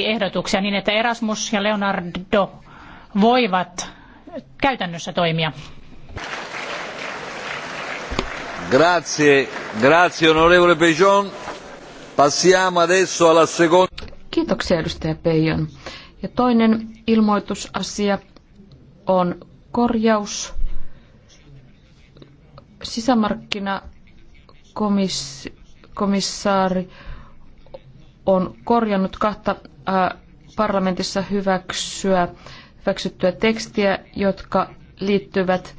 ehdotuksia niin, että Erasmus ja Leonardo voivat käytännössä toimia. Grazie, grazie onorevole Pejon. Passiamo adesso alla seconda. Kiitoksia edustaja Peijon. Ja toinen ilmoitusasia on korjaus. Sisämarkkinakomissaari on korjannut kahta parlamentissa hyväksyä, hyväksyttyä tekstiä, jotka liittyvät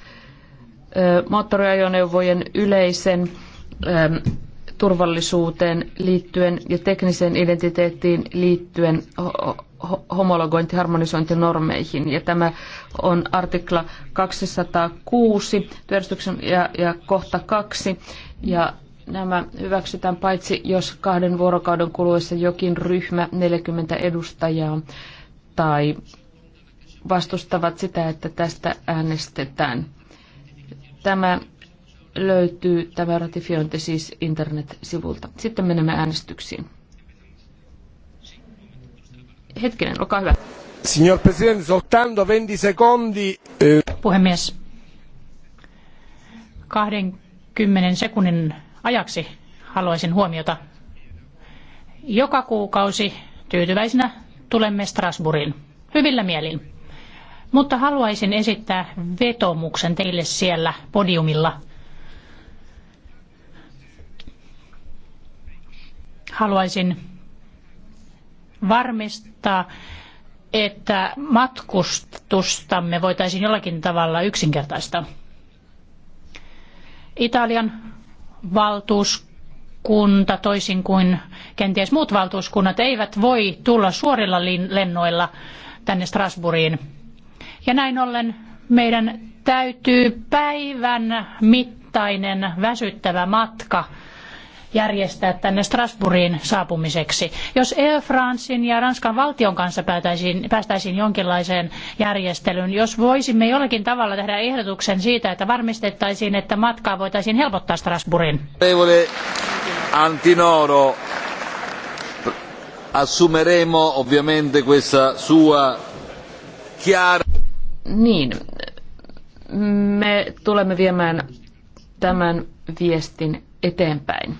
moottoriajoneuvojen yleisen turvallisuuteen liittyen ja tekniseen identiteettiin liittyen homologointi- harmonisointinormeihin. Ja tämä on artikla 206 työjärjestyksen ja, ja kohta 2. Ja Nämä hyväksytään paitsi, jos kahden vuorokauden kuluessa jokin ryhmä 40 edustajaa tai vastustavat sitä, että tästä äänestetään. Tämä löytyy, tämä ratifiointi siis internet-sivulta. Sitten menemme äänestyksiin. Hetkinen, olkaa hyvä. Signor Presidente, soltanto 20 sekundi. Eh. Puhemies, 20 sekunnin ajaksi haluaisin huomiota. Joka kuukausi tyytyväisenä tulemme Strasbourgin hyvillä mielin. Mutta haluaisin esittää vetomuksen teille siellä podiumilla. Haluaisin varmistaa, että matkustustamme voitaisiin jollakin tavalla yksinkertaistaa. Italian valtuuskunta, toisin kuin kenties muut valtuuskunnat, eivät voi tulla suorilla lennoilla tänne Strasbourgiin. Ja näin ollen meidän täytyy päivän mittainen väsyttävä matka – järjestää tänne Strasbourgiin saapumiseksi. Jos Air Francein ja Ranskan valtion kanssa päätäisiin, päästäisiin jonkinlaiseen järjestelyyn, jos voisimme jollakin tavalla tehdä ehdotuksen siitä, että varmistettaisiin, että matkaa voitaisiin helpottaa Strasbourgiin. Antinoro, assumeremo ovviamente questa sua chiara... Niin, me tulemme viemään tämän viestin eteenpäin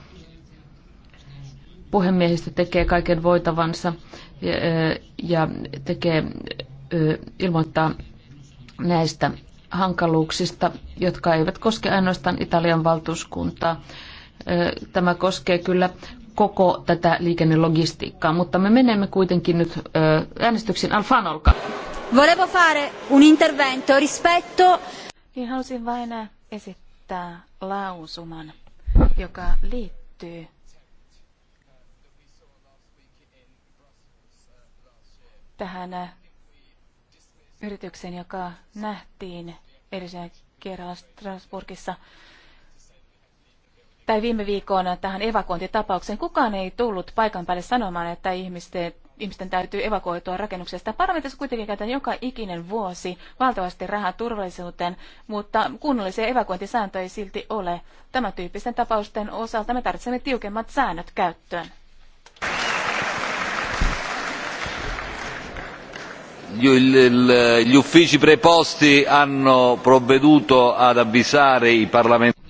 puhemiehistö tekee kaiken voitavansa ja tekee, ilmoittaa näistä hankaluuksista, jotka eivät koske ainoastaan Italian valtuuskuntaa. Tämä koskee kyllä koko tätä liikennelogistiikkaa, mutta me menemme kuitenkin nyt äänestyksiin. Alfan, olkaa. Volevo fare un intervento rispetto... Niin halusin vain esittää lausuman, joka liittyy tähän äh, yritykseen, joka nähtiin edellisen kerralla Strasburgissa tai viime viikon tähän evakuointitapaukseen. Kukaan ei tullut paikan päälle sanomaan, että ihmisten, ihmisten täytyy evakuoitua rakennuksesta. Parlamentissa kuitenkin käytetään joka ikinen vuosi valtavasti rahaa turvallisuuteen, mutta kunnollisia evakuointisääntöjä ei silti ole. Tämän tyyppisten tapausten osalta me tarvitsemme tiukemmat säännöt käyttöön. gli uffici preposti hanno provveduto ad avvisare i parlamentari.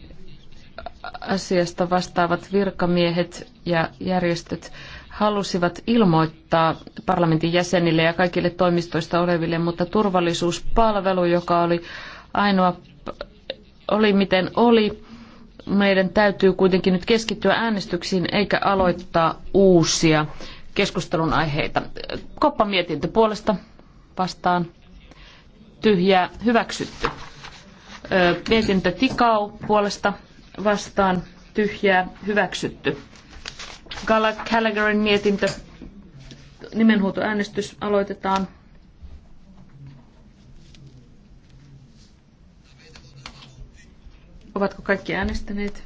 Asiasta vastaavat virkamiehet ja järjestöt halusivat ilmoittaa parlamentin jäsenille ja kaikille toimistoista oleville, mutta turvallisuuspalvelu, joka oli ainoa, oli miten oli, meidän täytyy kuitenkin nyt keskittyä äänestyksiin eikä aloittaa uusia keskustelun aiheita. Koppa mietintö puolesta vastaan tyhjä hyväksytty. Mietintö Tikau puolesta vastaan tyhjää hyväksytty. Gallagherin mietintö nimenhuutoäänestys aloitetaan. Ovatko kaikki äänestäneet?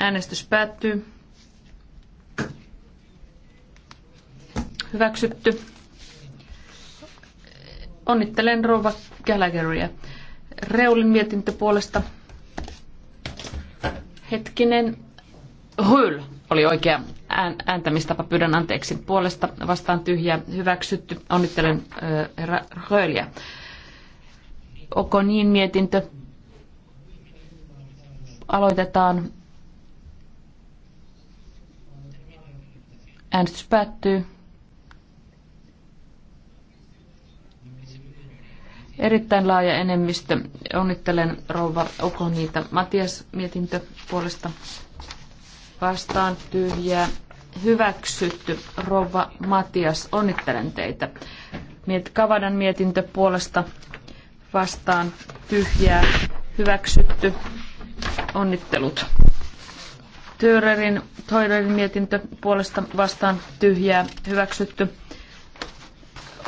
Äänestys päättyy. Hyväksytty. Onnittelen rova Gallagheria. Reulin mietintö puolesta. Hetkinen. Hyl oli oikea ääntämistapa. Pyydän anteeksi puolesta. Vastaan tyhjä. Hyväksytty. Onnittelen herra Röyliä. Oko niin mietintö. Aloitetaan. Äänestys päättyy. Erittäin laaja enemmistö. Onnittelen rouva Okoniita. Matias mietintö puolesta vastaan tyhjää. Hyväksytty. Rouva Matias, onnittelen teitä. Miet, Kavadan mietintö puolesta vastaan tyhjää. Hyväksytty. Onnittelut. Töörerin, Toirerin mietintö puolesta vastaan tyhjää. Hyväksytty.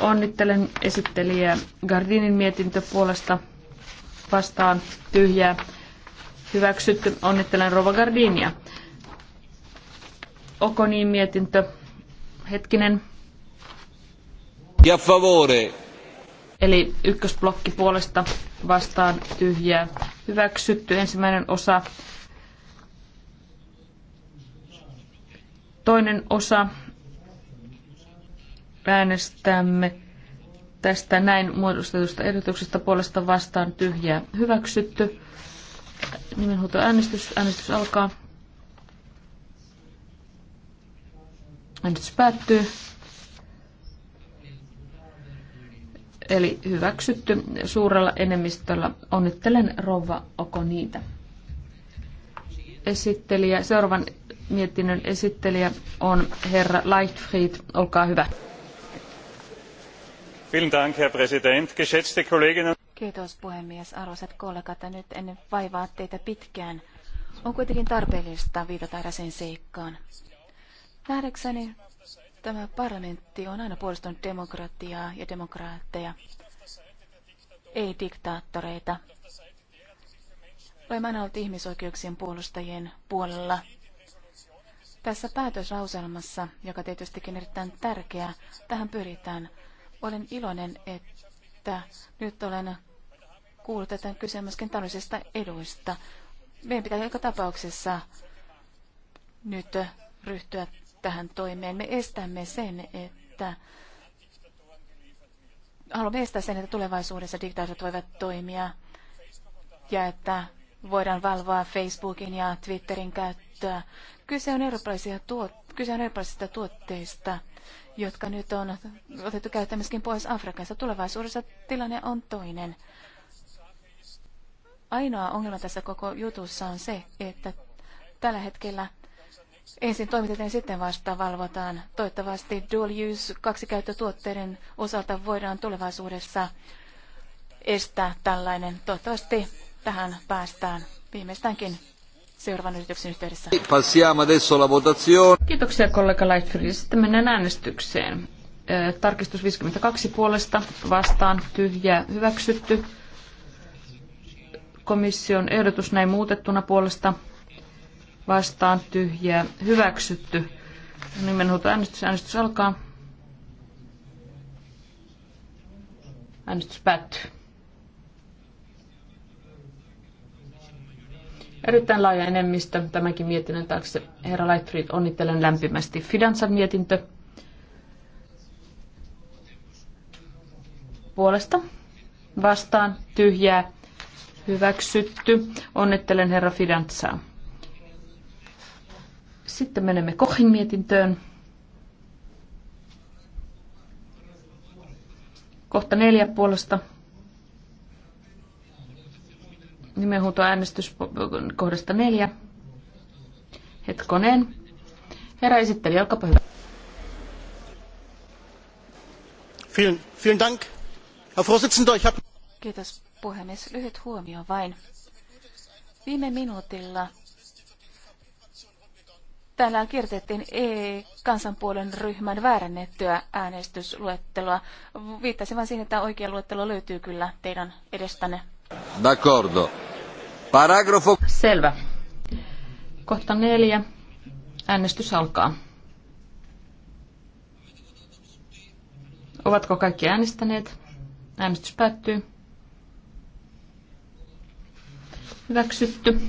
Onnittelen esittelijää Gardinin mietintö puolesta vastaan tyhjää. Hyväksytty. Onnittelen Rova Gardinia. Okoniin mietintö. Hetkinen. Ja favore. Eli ykkösblokki puolesta vastaan tyhjää. Hyväksytty ensimmäinen osa. Toinen osa Äänestämme tästä näin muodostetusta ehdotuksesta puolesta vastaan tyhjää hyväksytty. Nimenhuutoäänestys. Äänestys alkaa. Äänestys päättyy. Eli hyväksytty suurella enemmistöllä. Onnittelen rouva niitä Esittelijä, seuraavan mietinnön esittelijä on herra Lightfried. Olkaa hyvä herr präsident geschätzte kolleginnen Kiitos puhemies, arvoisat kollegat, ja nyt en vaivaa teitä pitkään. On kuitenkin tarpeellista viitata eräseen seikkaan. Nähdäkseni tämä parlamentti on aina puolustanut demokratiaa ja demokraatteja, ei diktaattoreita. Olemme aina olleet ihmisoikeuksien puolustajien puolella. Tässä päätöslauselmassa, joka tietystikin on erittäin tärkeä, tähän pyritään olen iloinen, että nyt olen kuullut, tätä kyse myöskin taloudellisista eduista. Meidän pitää joka tapauksessa nyt ryhtyä tähän toimeen. Me estämme sen, että haluamme estää sen, että tulevaisuudessa diktaatit voivat toimia ja että voidaan valvoa Facebookin ja Twitterin käyttöä. Kyse on eurooppalaisia tuot- kyse on eurooppalaisista tuotteista jotka nyt on otettu käyttöön myöskin pois Afrikassa Tulevaisuudessa tilanne on toinen. Ainoa ongelma tässä koko jutussa on se, että tällä hetkellä ensin toimitetaan sitten vasta valvotaan. Toivottavasti dual use kaksikäyttötuotteiden osalta voidaan tulevaisuudessa estää tällainen. Toivottavasti tähän päästään viimeistäänkin seuraavan yrityksen yhteydessä. Passiamo adesso la votazione. Kiitoksia kollega Lightfield. Sitten mennään äänestykseen. Tarkistus 52 puolesta vastaan tyhjä hyväksytty. Komission ehdotus näin muutettuna puolesta vastaan tyhjä hyväksytty. Nimenhuuto äänestys. Äänestys alkaa. Äänestys päättyy. Erittäin laaja enemmistö tämäkin mietinnön taakse. Herra Leitfried, onnittelen lämpimästi. Fidansan mietintö puolesta vastaan tyhjää hyväksytty. Onnittelen herra Fidansaa. Sitten menemme Kohin mietintöön. Kohta neljä puolesta Nimenhuutoäänestys kohdasta neljä. Hetkonen. Herra esitteli, olkaapa hyvä. Vielen, vielen Dank. Herr Vorsitzender, ich habe... Kiitos puhemies. Lyhyt huomio vain. Viime minuutilla täällä kiertettiin E-kansanpuolen ryhmän väärännettyä äänestysluetteloa. Viittasin vain siihen, että oikea luettelo löytyy kyllä teidän edestänne. D'accordo. Paragrafo... Selvä. Kohta neljä. Äänestys alkaa. Ovatko kaikki äänestäneet? Äänestys päättyy. Hyväksytty.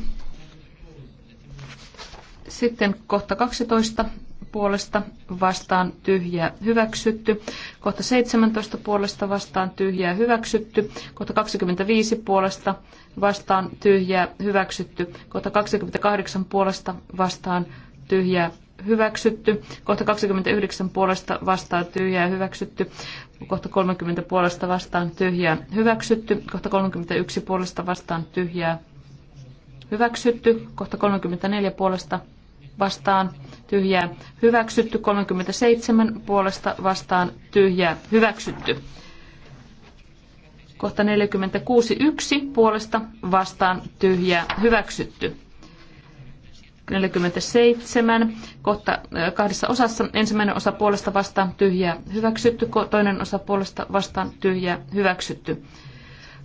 Sitten kohta 12 puolesta vastaan tyhjää hyväksytty. Kohta 17 puolesta vastaan tyhjää hyväksytty. Kohta 25 puolesta vastaan tyhjää hyväksytty. Kohta 28 puolesta vastaan tyhjää hyväksytty. Kohta 29 puolesta vastaan tyhjää hyväksytty. Kohta 30 puolesta vastaan tyhjää hyväksytty. Kohta 31 puolesta vastaan tyhjää hyväksytty. Kohta 34 puolesta vastaan tyhjää hyväksytty, 37 puolesta vastaan tyhjää hyväksytty. Kohta 46 1 puolesta vastaan tyhjää hyväksytty. 47. Kohta kahdessa osassa. Ensimmäinen osa puolesta vastaan tyhjää hyväksytty, toinen osa puolesta vastaan tyhjää hyväksytty.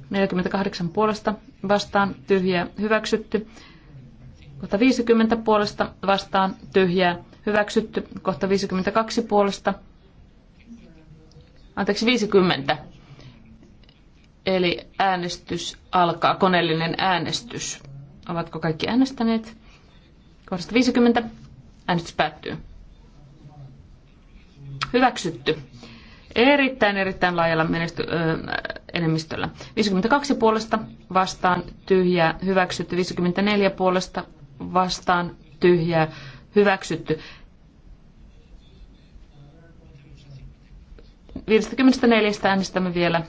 48 puolesta vastaan tyhjää hyväksytty. Kohta 50 puolesta vastaan tyhjää hyväksytty. Kohta 52 puolesta. Anteeksi, 50. Eli äänestys alkaa, koneellinen äänestys. Ovatko kaikki äänestäneet? Kohdasta 50. Äänestys päättyy. Hyväksytty. Erittäin, erittäin laajalla menesty, ö, enemmistöllä. 52 puolesta vastaan tyhjää hyväksytty. 54 puolesta vastaan tyhjää hyväksytty. 54 äänestämme vielä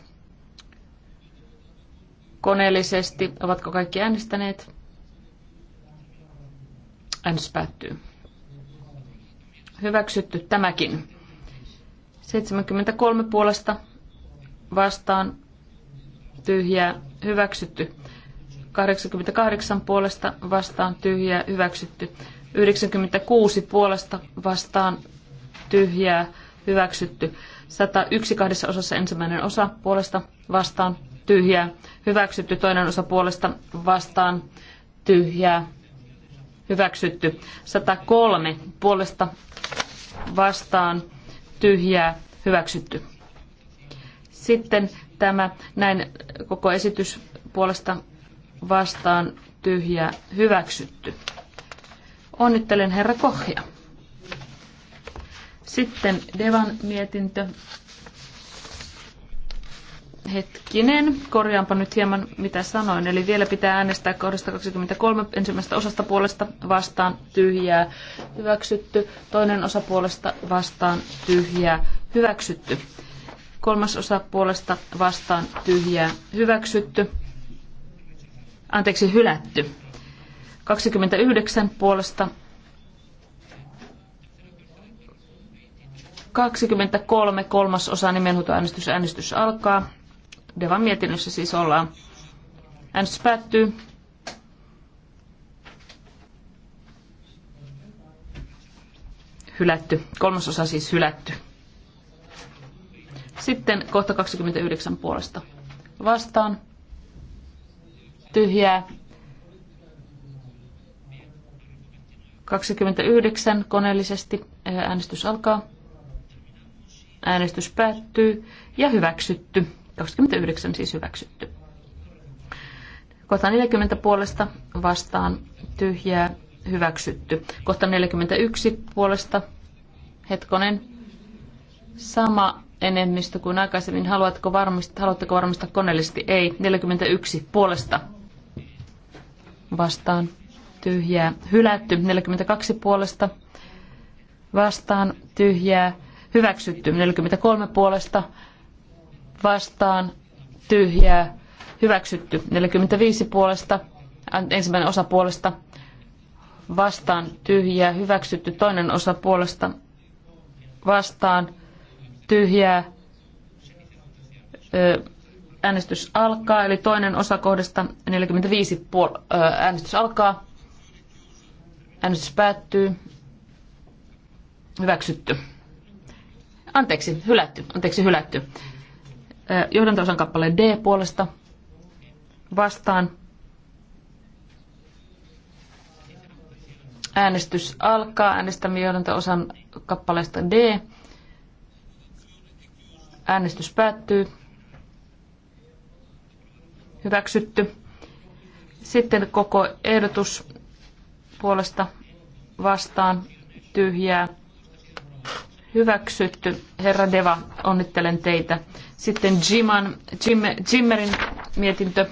koneellisesti. Ovatko kaikki äänestäneet? Äänestys päättyy. Hyväksytty tämäkin. 73 puolesta vastaan tyhjää hyväksytty. 88 puolesta vastaan tyhjää hyväksytty. 96 puolesta vastaan tyhjää hyväksytty. 101 kahdessa osassa ensimmäinen osa puolesta vastaan tyhjää hyväksytty. Toinen osa puolesta vastaan tyhjää hyväksytty. 103 puolesta vastaan tyhjää hyväksytty. Sitten tämä näin koko esitys puolesta vastaan tyhjä hyväksytty. Onnittelen herra Kohja. Sitten Devan mietintö. Hetkinen, korjaanpa nyt hieman mitä sanoin. Eli vielä pitää äänestää kohdasta 23 ensimmäisestä osasta puolesta vastaan tyhjää hyväksytty, toinen osa puolesta vastaan tyhjää hyväksytty, kolmas osa puolesta vastaan tyhjää hyväksytty, anteeksi, hylätty. 29 puolesta 23 kolmasosa nimenhuutoäänestys. Äänestys alkaa. Devan mietinnössä siis ollaan. Äänestys päättyy. Hylätty. Kolmasosa siis hylätty. Sitten kohta 29 puolesta. Vastaan tyhjää. 29 koneellisesti äänestys alkaa. Äänestys päättyy ja hyväksytty. 29 siis hyväksytty. Kohta 40 puolesta vastaan tyhjää hyväksytty. Kohta 41 puolesta hetkonen sama enemmistö kuin aikaisemmin. Haluatko varmistaa, haluatteko varmistaa koneellisesti? Ei. 41 puolesta vastaan tyhjää hylätty. 42 puolesta vastaan tyhjää hyväksytty. 43 puolesta vastaan tyhjää hyväksytty. 45 puolesta ensimmäinen osa puolesta vastaan tyhjää hyväksytty. Toinen osa puolesta vastaan tyhjää. Ö, Äänestys alkaa, eli toinen osa kohdasta 45 puol- äänestys alkaa. Äänestys päättyy. Hyväksytty. Anteeksi, hylätty. Anteeksi, hylätty. Johdanto-osan kappale D puolesta vastaan. Äänestys alkaa. Äänestämme johdanto-osan kappaleesta D. Äänestys päättyy hyväksytty. Sitten koko ehdotus puolesta vastaan tyhjää hyväksytty. Herra Deva, onnittelen teitä. Sitten Jiman, Jim, Jimmerin mietintö.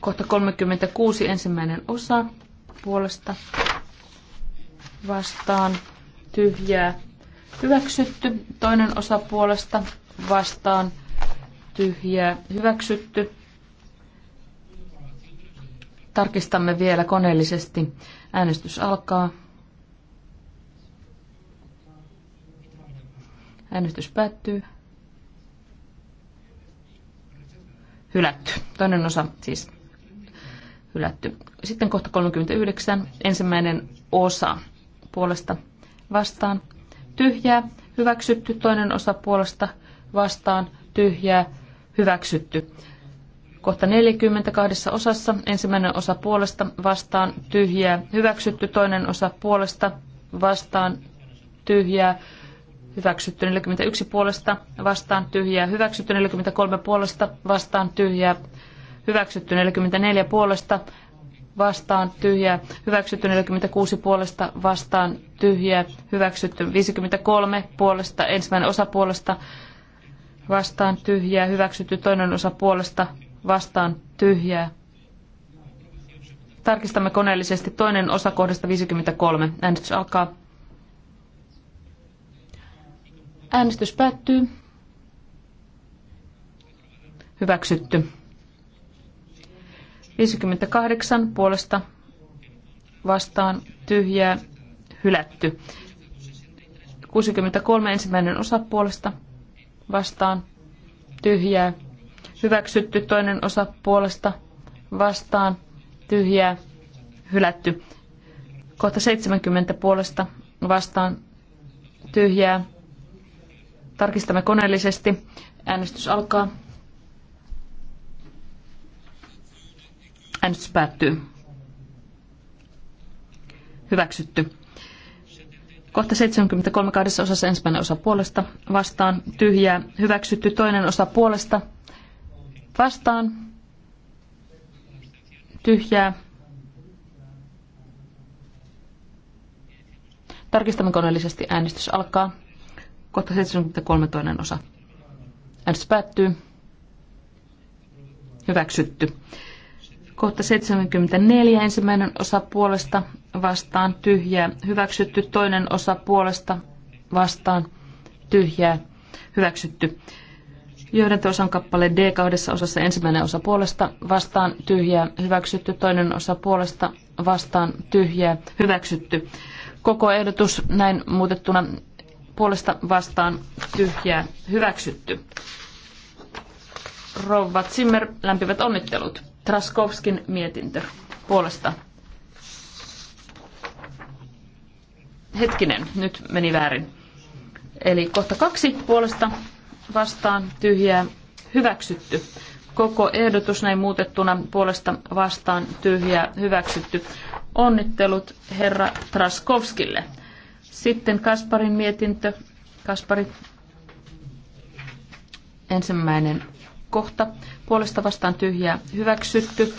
Kohta 36, ensimmäinen osa puolesta vastaan tyhjää hyväksytty. Toinen osa puolesta vastaan tyhjää hyväksytty. Tarkistamme vielä koneellisesti. Äänestys alkaa. Äänestys päättyy. Hylätty. Toinen osa siis hylätty. Sitten kohta 39. Ensimmäinen osa puolesta vastaan. Tyhjää. Hyväksytty. Toinen osa puolesta vastaan. Tyhjää hyväksytty. Kohta 42 osassa. Ensimmäinen osa puolesta vastaan tyhjää hyväksytty. Toinen osa puolesta vastaan tyhjää hyväksytty 41 puolesta, vastaan tyhjää, hyväksytty 43 puolesta, vastaan tyhjää, hyväksytty 44 puolesta, vastaan tyhjää, hyväksytty 46 puolesta, vastaan tyhjää, hyväksytty 53 puolesta, ensimmäinen osa puolesta, vastaan tyhjää, hyväksytty toinen osa puolesta vastaan tyhjää. Tarkistamme koneellisesti toinen osa kohdasta 53. Äänestys alkaa. Äänestys päättyy. Hyväksytty. 58 puolesta vastaan tyhjää hylätty. 63 ensimmäinen osa puolesta vastaan tyhjää. Hyväksytty toinen osa puolesta vastaan tyhjää. Hylätty. Kohta 70 puolesta vastaan tyhjää. Tarkistamme koneellisesti. Äänestys alkaa. Äänestys päättyy. Hyväksytty. Kohta 73 kahdessa osassa ensimmäinen osa puolesta vastaan tyhjää hyväksytty toinen osa puolesta vastaan tyhjää. Tarkistamme koneellisesti äänestys alkaa. Kohta 73 toinen osa. Äänestys päättyy. Hyväksytty. Kohta 74 ensimmäinen osa puolesta vastaan tyhjää. Hyväksytty toinen osa puolesta vastaan tyhjää. Hyväksytty. Johdanto-osan kappale D kahdessa osassa ensimmäinen osa puolesta vastaan tyhjää. Hyväksytty toinen osa puolesta vastaan tyhjää. Hyväksytty. Koko ehdotus näin muutettuna puolesta vastaan tyhjää. Hyväksytty. Rouva Zimmer, lämpivät onnittelut. Traskovskin mietintö puolesta. Hetkinen, nyt meni väärin. Eli kohta kaksi puolesta vastaan tyhjää hyväksytty. Koko ehdotus näin muutettuna puolesta vastaan tyhjää hyväksytty. Onnittelut herra Traskovskille. Sitten Kasparin mietintö. Kaspari, ensimmäinen kohta puolesta vastaan tyhjää hyväksytty.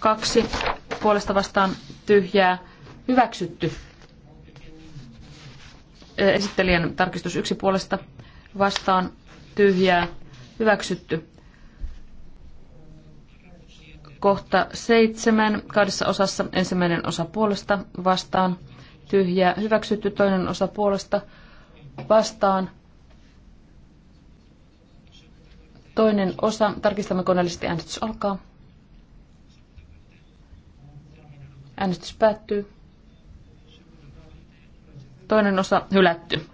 Kaksi puolesta vastaan tyhjää hyväksytty. Esittelijän tarkistus yksi puolesta vastaan tyhjää hyväksytty. Kohta seitsemän kahdessa osassa ensimmäinen osa puolesta vastaan tyhjää hyväksytty, toinen osa puolesta vastaan Toinen osa. Tarkistamme koneellisesti. Äänestys alkaa. Äänestys päättyy. Toinen osa hylätty.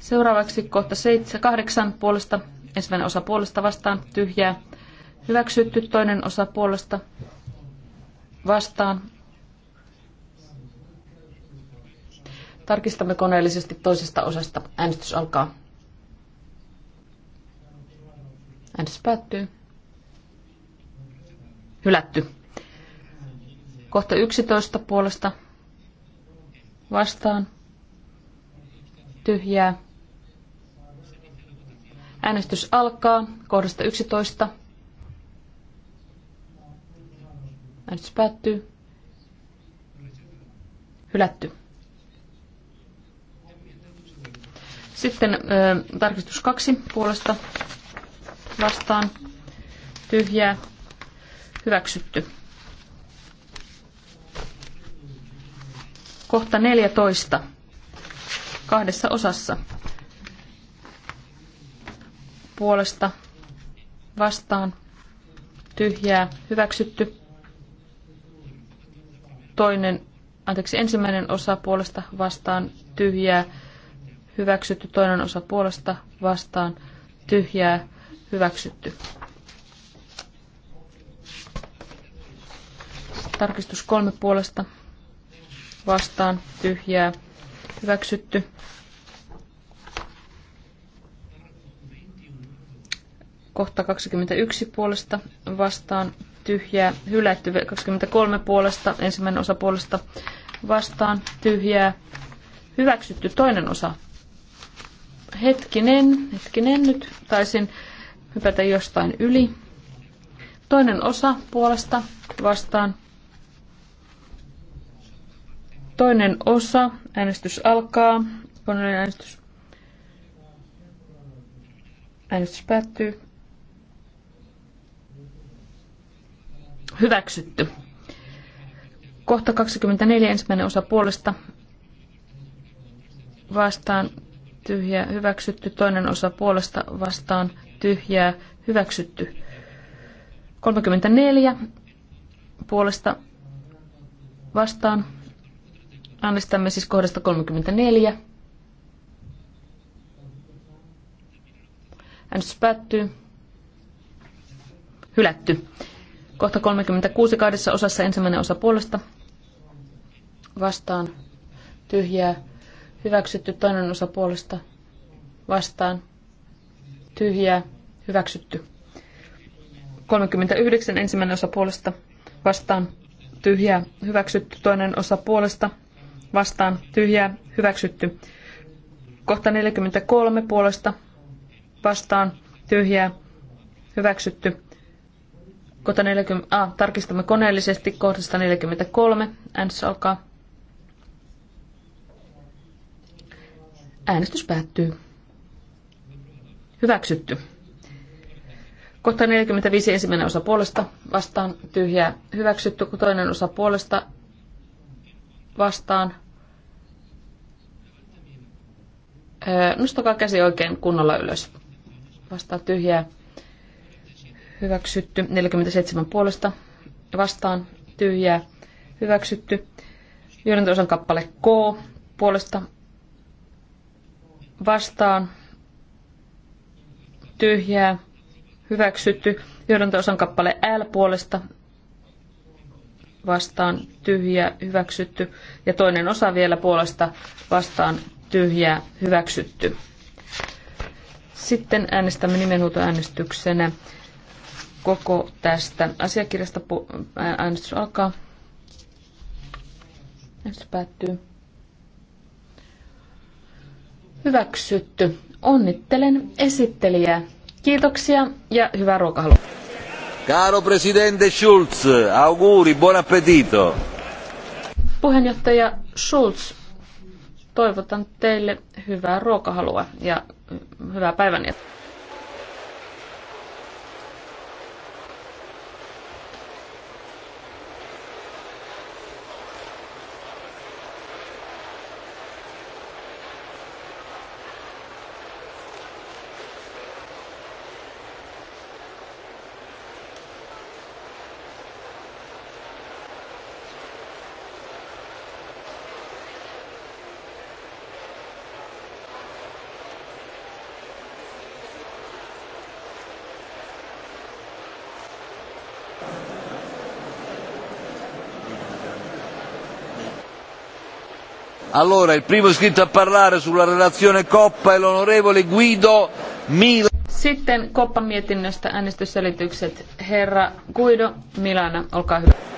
Seuraavaksi kohta 7, 8 puolesta. Ensimmäinen osa puolesta vastaan. Tyhjää. Hyväksytty. Toinen osa puolesta vastaan. Tarkistamme koneellisesti toisesta osasta. Äänestys alkaa. Äänestys päättyy. Hylätty. Kohta 11 puolesta vastaan. Tyhjää. Äänestys alkaa kohdasta 11. Äänestys päättyy. Hylätty. Sitten ö, tarkistus kaksi puolesta vastaan tyhjää hyväksytty. Kohta 14 kahdessa osassa puolesta vastaan tyhjää hyväksytty. Toinen, anteeksi, ensimmäinen osa puolesta vastaan tyhjää hyväksytty, toinen osa puolesta vastaan tyhjää Hyväksytty. Tarkistus kolme puolesta. Vastaan. Tyhjää. Hyväksytty. Kohta 21 puolesta. Vastaan. Tyhjää. Hylätty 23 puolesta. Ensimmäinen osa puolesta. Vastaan. Tyhjää. Hyväksytty toinen osa hetkinen, hetkinen nyt taisin hypätä jostain yli. Toinen osa puolesta vastaan. Toinen osa, äänestys alkaa, koneen äänestys. Äänestys päättyy. Hyväksytty. Kohta 24 ensimmäinen osa puolesta vastaan tyhjä hyväksytty, toinen osa puolesta vastaan tyhjää, hyväksytty. 34 puolesta vastaan. Äänestämme siis kohdasta 34. Äänestys päättyy. Hylätty. Kohta 36 kahdessa osassa ensimmäinen osa puolesta. Vastaan. Tyhjää. Hyväksytty toinen osa puolesta. Vastaan tyhjää, hyväksytty. 39 ensimmäinen osa puolesta vastaan tyhjää, hyväksytty. Toinen osa puolesta vastaan tyhjää, hyväksytty. Kohta 43 puolesta vastaan tyhjää, hyväksytty. Kohta 40, a, ah, tarkistamme koneellisesti kohdasta 43. Äänestys alkaa. Äänestys päättyy. Hyväksytty. Kohta 45 ensimmäinen osa puolesta vastaan tyhjää hyväksytty, kun toinen osa puolesta vastaan. nostakaa käsi oikein kunnolla ylös. Vastaan tyhjää hyväksytty. 47 puolesta vastaan tyhjää hyväksytty. Johdantosan kappale K puolesta vastaan tyhjää, hyväksytty. Johdanto-osan kappale L puolesta vastaan tyhjää, hyväksytty. Ja toinen osa vielä puolesta vastaan tyhjää, hyväksytty. Sitten äänestämme nimenhuutoäänestyksenä koko tästä asiakirjasta. Äänestys alkaa. Äänestys päättyy. Hyväksytty. Onnittelen esittelijää. Kiitoksia ja hyvää ruokahalua. Caro presidente Schulz, auguri, buon appetito. Puheenjohtaja Schulz, toivotan teille hyvää ruokahalua ja hyvää päivänjatkoa. Allora, il primo iscritto a parlare sulla relazione Coppa è l'onorevole Guido Mila. Sitten Koppa mietinnöstä äänestysselitykset. Herra Guido Milana, olkaa hyvä.